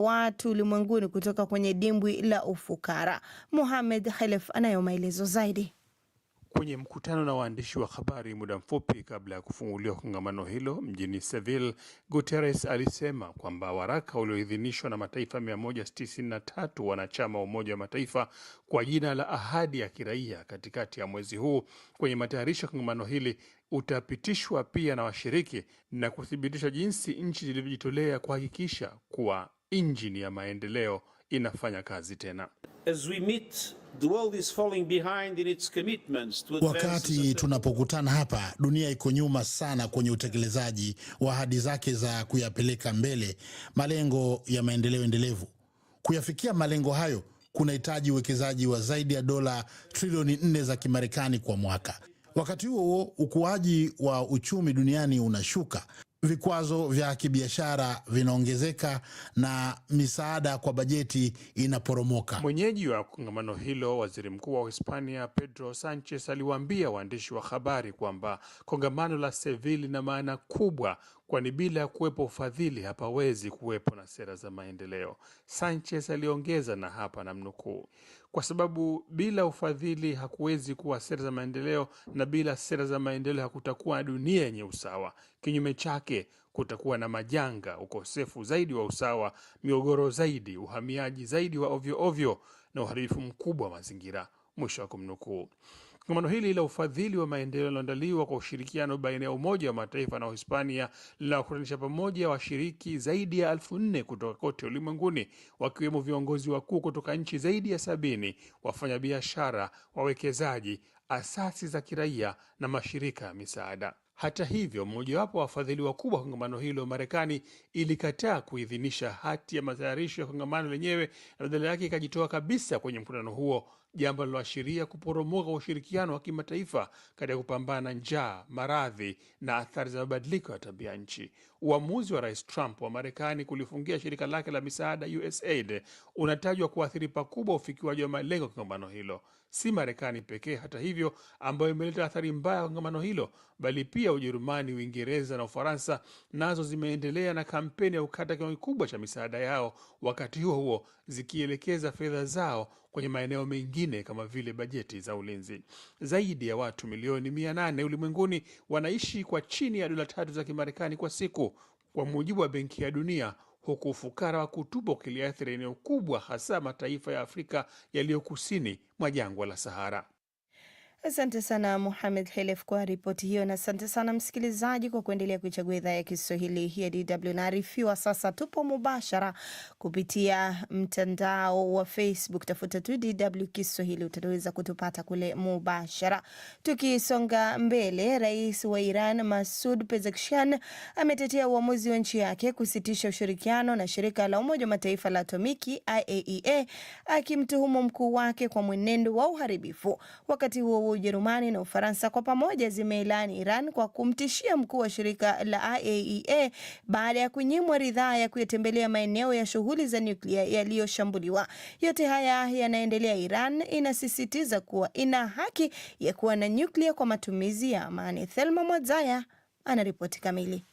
watu ulimwenguni kutoka kwenye dimbwi la ufukara. Mohamed Khelef anayo maelezo zaidi. Kwenye mkutano na waandishi wa habari muda mfupi kabla ya kufunguliwa kongamano hilo mjini Seville, Guterres alisema kwamba waraka ulioidhinishwa na mataifa 193 wanachama wa Umoja wa Mataifa kwa jina la ahadi ya kiraia katikati ya mwezi huu kwenye matayarisho ya kongamano hili utapitishwa pia na washiriki na kuthibitisha jinsi nchi zilivyojitolea kuhakikisha kuwa injini ya maendeleo inafanya kazi tena. As we meet, the world is falling behind in its commitments to advance. Wakati tunapokutana hapa, dunia iko nyuma sana kwenye utekelezaji wa ahadi zake za kuyapeleka mbele malengo ya maendeleo endelevu. Kuyafikia malengo hayo kunahitaji uwekezaji wa zaidi ya dola trilioni nne za Kimarekani kwa mwaka. Wakati huo huo, ukuaji wa uchumi duniani unashuka vikwazo vya kibiashara vinaongezeka na misaada kwa bajeti inaporomoka. Mwenyeji wa kongamano hilo, waziri mkuu wa Hispania Pedro Sanchez aliwaambia waandishi wa habari kwamba kongamano la Seville lina maana kubwa kwani bila ya kuwepo ufadhili hapawezi kuwepo na sera za maendeleo. Sanchez aliongeza, na hapa namnukuu, kwa sababu bila ufadhili hakuwezi kuwa sera za maendeleo, na bila sera za maendeleo hakutakuwa na dunia yenye usawa. Kinyume chake, kutakuwa na majanga, ukosefu zaidi wa usawa, migogoro zaidi, uhamiaji zaidi wa ovyo ovyo na uharibifu mkubwa wa mazingira, mwisho wa kumnukuu. Kongamano hili la ufadhili wa maendeleo liloandaliwa kwa ushirikiano baina ya Umoja wa Mataifa na Uhispania linaokutanisha pamoja washiriki zaidi ya elfu nne kutoka kote ulimwenguni wakiwemo viongozi wakuu kutoka nchi zaidi ya sabini, wafanyabiashara, wawekezaji, asasi za kiraia na mashirika ya misaada. Hata hivyo, mmojawapo wa wafadhili wakubwa wa kongamano hilo, Marekani, ilikataa kuidhinisha hati ya matayarisho ya kongamano lenyewe na badala yake ikajitoa kabisa kwenye mkutano huo jambo linaloashiria kuporomoka ushirikiano wa kimataifa katika kupambana njaa, maradhi na athari za mabadiliko ya tabia nchi. Uamuzi wa Rais Trump wa Marekani kulifungia shirika lake la misaada USAID unatajwa kuathiri pakubwa ufikiwaji wa malengo ya kongamano hilo. Si Marekani pekee hata hivyo, ambayo imeleta athari mbaya ya kongamano hilo, bali pia Ujerumani, Uingereza na Ufaransa nazo zimeendelea na kampeni ya ukata kiwango kikubwa cha misaada yao. Wakati huo huo zikielekeza fedha zao kwenye maeneo mengine kama vile bajeti za ulinzi. Zaidi ya watu milioni nane ulimwenguni wanaishi kwa chini ya dola tatu za Kimarekani kwa siku kwa mujibu wa Benki ya Dunia, huku ufukara wa kutupa ukiliathiri eneo kubwa, hasa mataifa ya Afrika yaliyo kusini mwa jangwa la Sahara. Asante sana Muhamed Helef kwa ripoti hiyo, na asante sana msikilizaji kwa kuendelea kuichagua idhaa ya Kiswahili ya DW. Naarifiwa sasa tupo mubashara kupitia mtandao wa Facebook, tafuta tu DW Kiswahili, utaweza kutupata kule mubashara. Tukisonga mbele, rais wa Iran Masud Pezeshkian ametetea uamuzi wa nchi yake kusitisha ushirikiano na shirika la Umoja wa Mataifa la atomiki IAEA, e akimtuhumu mkuu wake kwa mwenendo wa uharibifu. Wakati huo Ujerumani na Ufaransa kwa pamoja zimeilani Iran kwa kumtishia mkuu wa shirika la IAEA e baada ya kunyimwa ridhaa ya kuyatembelea maeneo ya shughuli za nyuklia yaliyoshambuliwa. Yote haya yanaendelea, Iran inasisitiza kuwa ina haki ya kuwa na nyuklia kwa matumizi ya amani. Thelma Mwadzaya anaripoti kamili.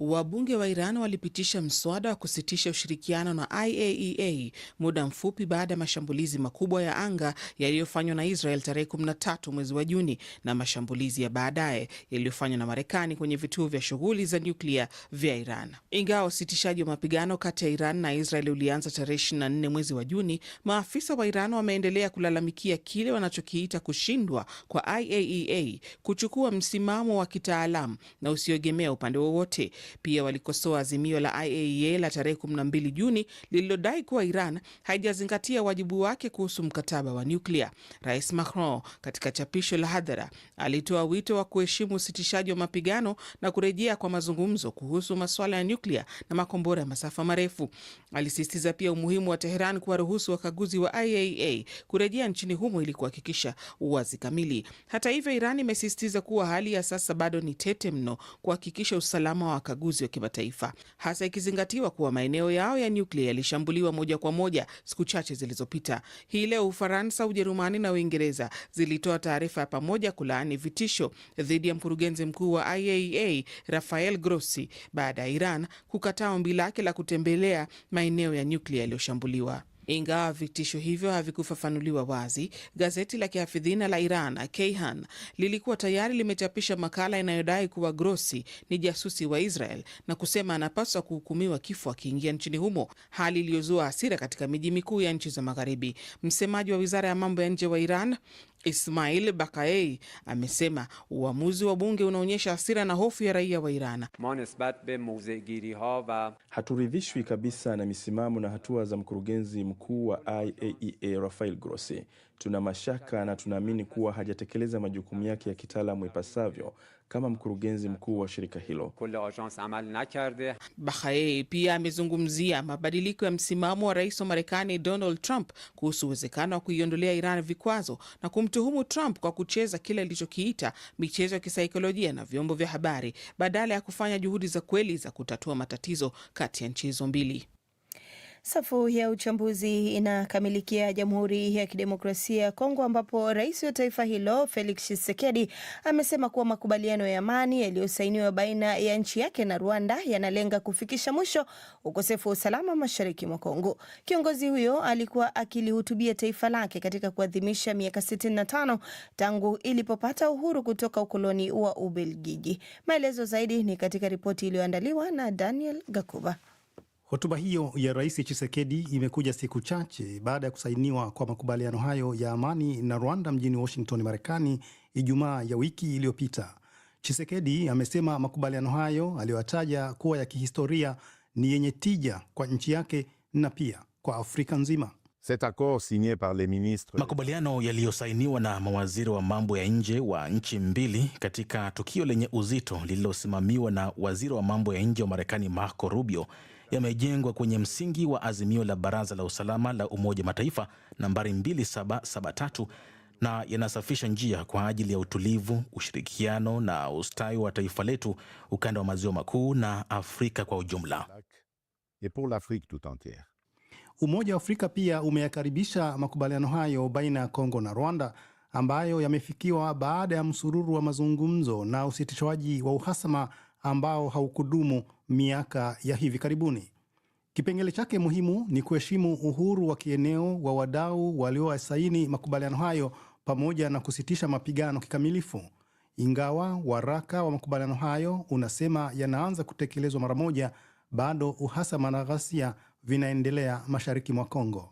Wabunge wa Iran walipitisha mswada wa kusitisha ushirikiano na IAEA e muda mfupi baada ya mashambulizi makubwa ya anga yaliyofanywa na Israel tarehe 13 mwezi wa Juni na mashambulizi ya baadaye yaliyofanywa na Marekani kwenye vituo vya shughuli za nyuklia vya Iran. Ingawa usitishaji wa mapigano kati ya Iran na Israel ulianza tarehe 24 mwezi wa Juni, maafisa wa Iran wameendelea kulalamikia kile wanachokiita kushindwa kwa IAEA e kuchukua msimamo wa kitaalamu na usioegemea upande wowote. Pia walikosoa azimio la IAEA e la tarehe 12 Juni lililodai kuwa Iran haijazingatia wajibu wake kuhusu mkataba wa nyuklia. Rais Macron katika chapisho la hadhara alitoa wito wa kuheshimu usitishaji wa mapigano na kurejea kwa mazungumzo kuhusu masuala ya nyuklia na makombora ya masafa marefu. alisistiza pia umuhimu wa Teheran kuwaruhusu wakaguzi wa iaa e kurejea nchini humo ili kuhakikisha uwazi kamili. Hata hivyo, Iran imesistiza kuwa hali ya sasa bado ni tete mno kuhakikisha usalama wa ukaguzi wa kimataifa, hasa ikizingatiwa kuwa maeneo yao ya nyuklia yalishambuliwa moja kwa moja siku chache zilizopita. Hii leo Ufaransa, Ujerumani na Uingereza zilitoa taarifa ya pamoja kulaani vitisho dhidi ya mkurugenzi mkuu wa IAEA Rafael Grossi baada ya Iran kukataa ombi lake la kutembelea maeneo ya nyuklia yaliyoshambuliwa. Ingawa vitisho hivyo havikufafanuliwa wazi, gazeti la kihafidhina la Iran kehan lilikuwa tayari limechapisha makala inayodai kuwa Grossi ni jasusi wa Israel na kusema anapaswa kuhukumiwa kifo akiingia nchini humo, hali iliyozua hasira katika miji mikuu ya nchi za Magharibi. Msemaji wa wizara ya mambo ya nje wa Iran Ismail Bakayei amesema uamuzi wa bunge unaonyesha hasira na hofu ya raia wa Iran. Haturidhishwi kabisa na misimamo na hatua za mkurugenzi mkuu wa IAEA e Rafael Grossi. Tuna mashaka na tunaamini kuwa hajatekeleza majukumu yake ya kitaalamu ipasavyo kama mkurugenzi mkuu wa shirika hilo. bahaei pia amezungumzia mabadiliko ya msimamo wa rais wa Marekani Donald Trump kuhusu uwezekano wa kuiondolea Iran vikwazo na kumtuhumu Trump kwa kucheza kile alichokiita michezo ya kisaikolojia na vyombo vya habari badala ya kufanya juhudi za kweli za kutatua matatizo kati ya nchi hizo mbili. Safu ya uchambuzi inakamilikia Jamhuri ya Kidemokrasia ya Kongo ambapo rais wa taifa hilo Felix Tshisekedi amesema kuwa makubaliano ya amani yaliyosainiwa baina ya nchi yake na Rwanda yanalenga kufikisha mwisho ukosefu wa usalama mashariki mwa Kongo. Kiongozi huyo alikuwa akilihutubia taifa lake katika kuadhimisha miaka 65 tangu ilipopata uhuru kutoka ukoloni wa Ubelgiji. Maelezo zaidi ni katika ripoti iliyoandaliwa na Daniel Gakuba. Hotuba hiyo ya Rais chisekedi imekuja siku chache baada ya kusainiwa kwa makubaliano hayo ya amani na Rwanda mjini Washington, Marekani Ijumaa ya wiki iliyopita. chisekedi amesema makubaliano hayo aliyoyataja kuwa ya kihistoria ni yenye tija kwa nchi yake na pia kwa Afrika nzima. Makubaliano yaliyosainiwa na mawaziri wa mambo ya nje wa nchi mbili katika tukio lenye uzito lililosimamiwa na waziri wa mambo ya nje wa Marekani Marco Rubio yamejengwa kwenye msingi wa azimio la Baraza la Usalama la Umoja wa Mataifa nambari 2773 na yanasafisha njia kwa ajili ya utulivu, ushirikiano na ustawi wa taifa letu, ukanda wa maziwa makuu na Afrika kwa ujumla. Umoja wa Afrika pia umeyakaribisha makubaliano hayo baina ya Kongo na Rwanda ambayo yamefikiwa baada ya msururu wa mazungumzo na usitishwaji wa uhasama ambao haukudumu miaka ya hivi karibuni. Kipengele chake muhimu ni kuheshimu uhuru wa kieneo wa wadau waliowasaini makubaliano hayo pamoja na kusitisha mapigano kikamilifu. Ingawa waraka wa makubaliano hayo unasema yanaanza kutekelezwa mara moja, bado uhasama na ghasia vinaendelea mashariki mwa Kongo.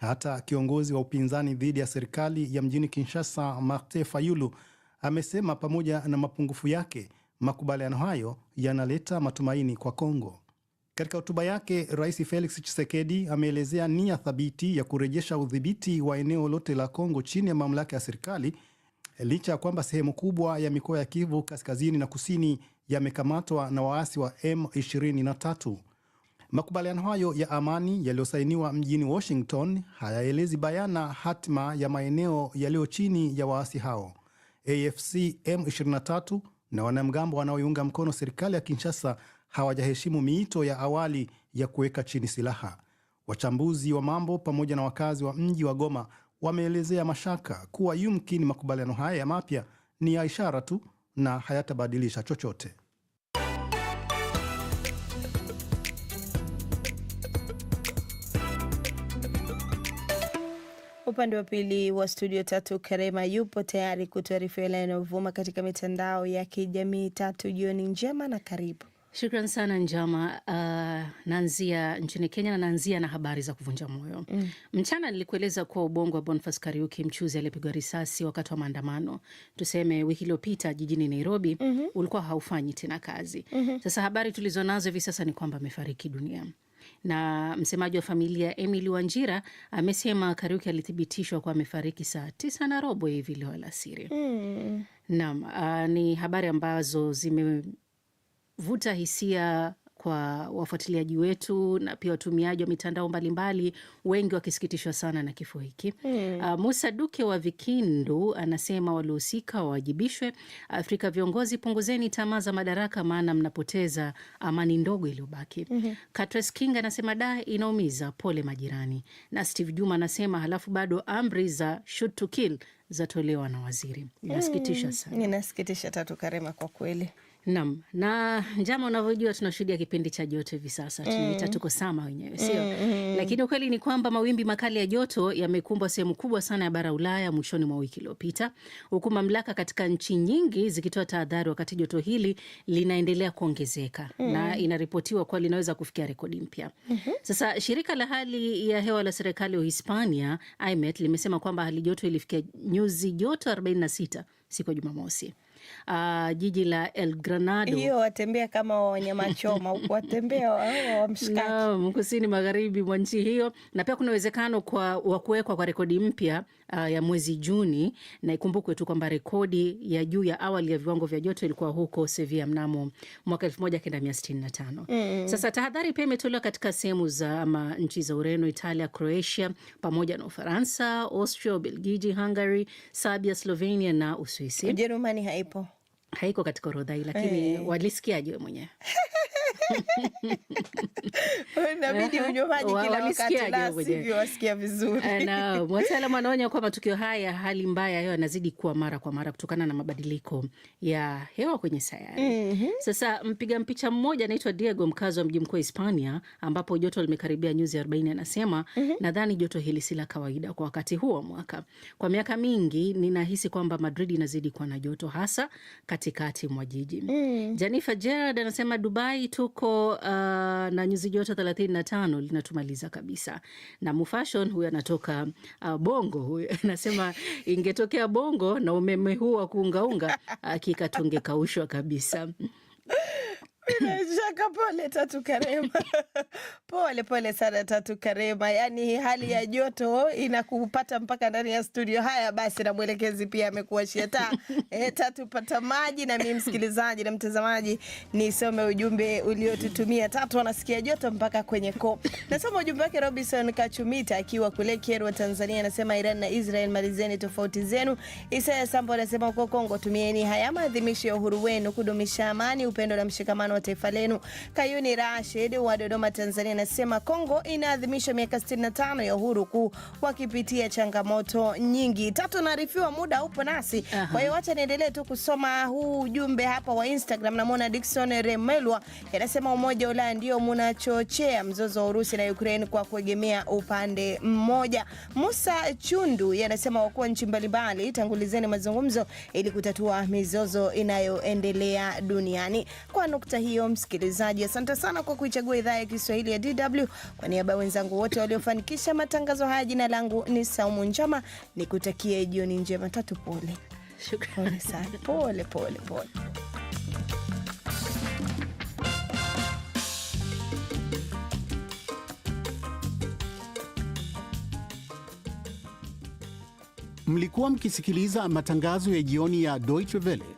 Hata kiongozi wa upinzani dhidi ya serikali ya mjini Kinshasa, Martin Fayulu, amesema pamoja na mapungufu yake makubaliano hayo yanaleta matumaini kwa Kongo. Katika hotuba yake, Rais Felix Tshisekedi ameelezea nia thabiti ya kurejesha udhibiti wa eneo lote la Kongo chini ya mamlaka ya serikali licha ya kwamba sehemu kubwa ya mikoa ya Kivu kaskazini na kusini yamekamatwa na waasi wa M23. Makubaliano hayo ya amani yaliyosainiwa mjini Washington hayaelezi bayana hatima ya maeneo yaliyo chini ya waasi hao. AFC M23 na wanamgambo wanaoiunga mkono serikali ya Kinshasa hawajaheshimu miito ya awali ya kuweka chini silaha. Wachambuzi wa mambo pamoja na wakazi wa mji wa Goma wameelezea mashaka kuwa yumkini makubaliano haya mapya ni ya ishara tu na hayatabadilisha chochote. Upande wa pili wa studio tatu Karema yupo tayari kutuarifu yale yanayovuma katika mitandao ya kijamii. Tatu, jioni njema na karibu. Shukran sana Njama. Uh, naanzia nchini Kenya na naanzia na habari za kuvunja moyo mm. Mchana nilikueleza kuwa ubongo wa Bonfas Kariuki, mchuzi aliyepigwa risasi wakati wa maandamano tuseme wiki iliyopita jijini Nairobi mm -hmm. ulikuwa haufanyi tena kazi mm -hmm. Sasa habari tulizonazo hivi sasa ni kwamba amefariki dunia na msemaji wa familia Emily Wanjira amesema Kariuki alithibitishwa kuwa amefariki saa tisa na robo hivi leo alasiri. Mm. Naam, ah, ni habari ambazo zimevuta hisia kwa wafuatiliaji wetu na pia watumiaji wa mitandao mbalimbali, wengi wakisikitishwa sana na kifo hiki mm. Uh, Musa Duke wa Vikindu anasema waliohusika wawajibishwe. Afrika viongozi, punguzeni tamaa za madaraka, maana mnapoteza amani ndogo iliyobaki. mm -hmm. Katres King anasema da, inaumiza, pole majirani. Na Steve Juma anasema halafu bado amri za shoot to kill zatolewa na waziri. Inasikitisha hmm. sana, inasikitisha Tatu Karema, kwa kweli. Nam na njama unavyojua tunashuhudia kipindi cha joto hivi sasa mm. Tunaita tuko sama wenyewe mm, sio? mm Lakini ukweli ni kwamba mawimbi makali ya joto yamekumbwa sehemu kubwa sana ya bara Ulaya mwishoni mwa wiki iliyopita, huku mamlaka katika nchi nyingi zikitoa tahadhari, wakati joto hili linaendelea kuongezeka mm. na inaripotiwa kuwa linaweza kufikia rekodi mpya mm -hmm. Sasa shirika la hali ya hewa la serikali ya Uhispania IMET limesema kwamba hali joto ilifikia nyuzi joto 46 siku ya Jumamosi uh, jiji la El Granado. Hiyo watembea kama wanyama choma watembea wa mshikaki. kusini magharibi mwa nchi hiyo, na pia kuna uwezekano kwa wa kuwekwa kwa rekodi mpya uh, ya mwezi Juni, na ikumbukwe tu kwamba rekodi ya juu ya awali ya viwango vya joto ilikuwa huko Sevilla mnamo mwaka 1965. Mm Sasa tahadhari pia imetolewa katika sehemu za ama nchi za Ureno, Italia, Croatia pamoja na Ufaransa, Austria, Ubelgiji, Hungary, Serbia, Slovenia na Uswisi. Ujerumani haipo haiko katika orodha hii, lakini hey, eh. walisikiaje mwenyewe? inabidi unywaji kila wakati, la sivyo wasikia vizuri. wataalamu wanaonya kwamba matukio haya hali mbaya ya hewa yanazidi kuwa mara kwa mara kutokana na mabadiliko ya hewa kwenye sayari. mm -hmm. Sasa mpiga mpicha mmoja anaitwa Diego, mkazi wa mji mkuu wa Hispania, ambapo joto limekaribia nyuzi 40, anasema mm -hmm. nadhani joto hili si la kawaida kwa wakati huu wa mwaka. Kwa miaka mingi ninahisi kwamba Madrid inazidi kuwa na joto hasa katikati mwa jiji. mm -hmm. Janifa Gerard anasema Dubai tuko uh, na nyuzi joto 35 linatumaliza kabisa. Na Mufashon huyu anatoka uh, Bongo huyu anasema ingetokea Bongo na umeme huu wa kuungaunga hakika uh, tungekaushwa kabisa. Bila shaka pole Tatu Karema. Pole pole sana Tatu Karema, yaani hali ya joto inakupata mpaka ndani ya studio. Haya basi, na mwelekezi pia amekuashia taa. E, Tatu pata maji. Na mimi msikilizaji na mtazamaji, nisome ujumbe uliotutumia Tatu. Anasikia joto mpaka kwenye koo. Nasoma ujumbe wake Robinson Kachumita akiwa kule Kerwa, Tanzania, anasema Iran na Israel malizeni tofauti zenu. Isaya Sambo anasema uko Kongo, tumieni haya maadhimisho ya uhuru wenu kudumisha amani, upendo na mshikamano wa taifa lenu. Kayuni Rashid wa Dodoma, Tanzania anasema Kongo inaadhimisha miaka 65 ya uhuru kuu wakipitia changamoto nyingi. Tatu, naarifiwa muda upo nasi, kwa hiyo wacha niendelee tu kusoma huu ujumbe hapa wa Instagram. Namwona Dickson Remelwa anasema Umoja wa Ulaya ndio mnachochea mzozo wa Urusi na Ukraine kwa kuegemea upande mmoja. Musa Chundu anasema wakuwa nchi mbalimbali tangulizeni mazungumzo ili kutatua mizozo inayoendelea duniani. Kwa nukta hii hiyo, msikilizaji, asante sana kwa kuichagua idhaa ya Kiswahili ya DW. Kwa niaba ya wenzangu wote waliofanikisha matangazo haya, jina langu ni Saumu Njama, nikutakie jioni njema. Tatu pole, shukrani sana, pole pole pole. Mlikuwa mkisikiliza matangazo ya jioni ya Deutsche Welle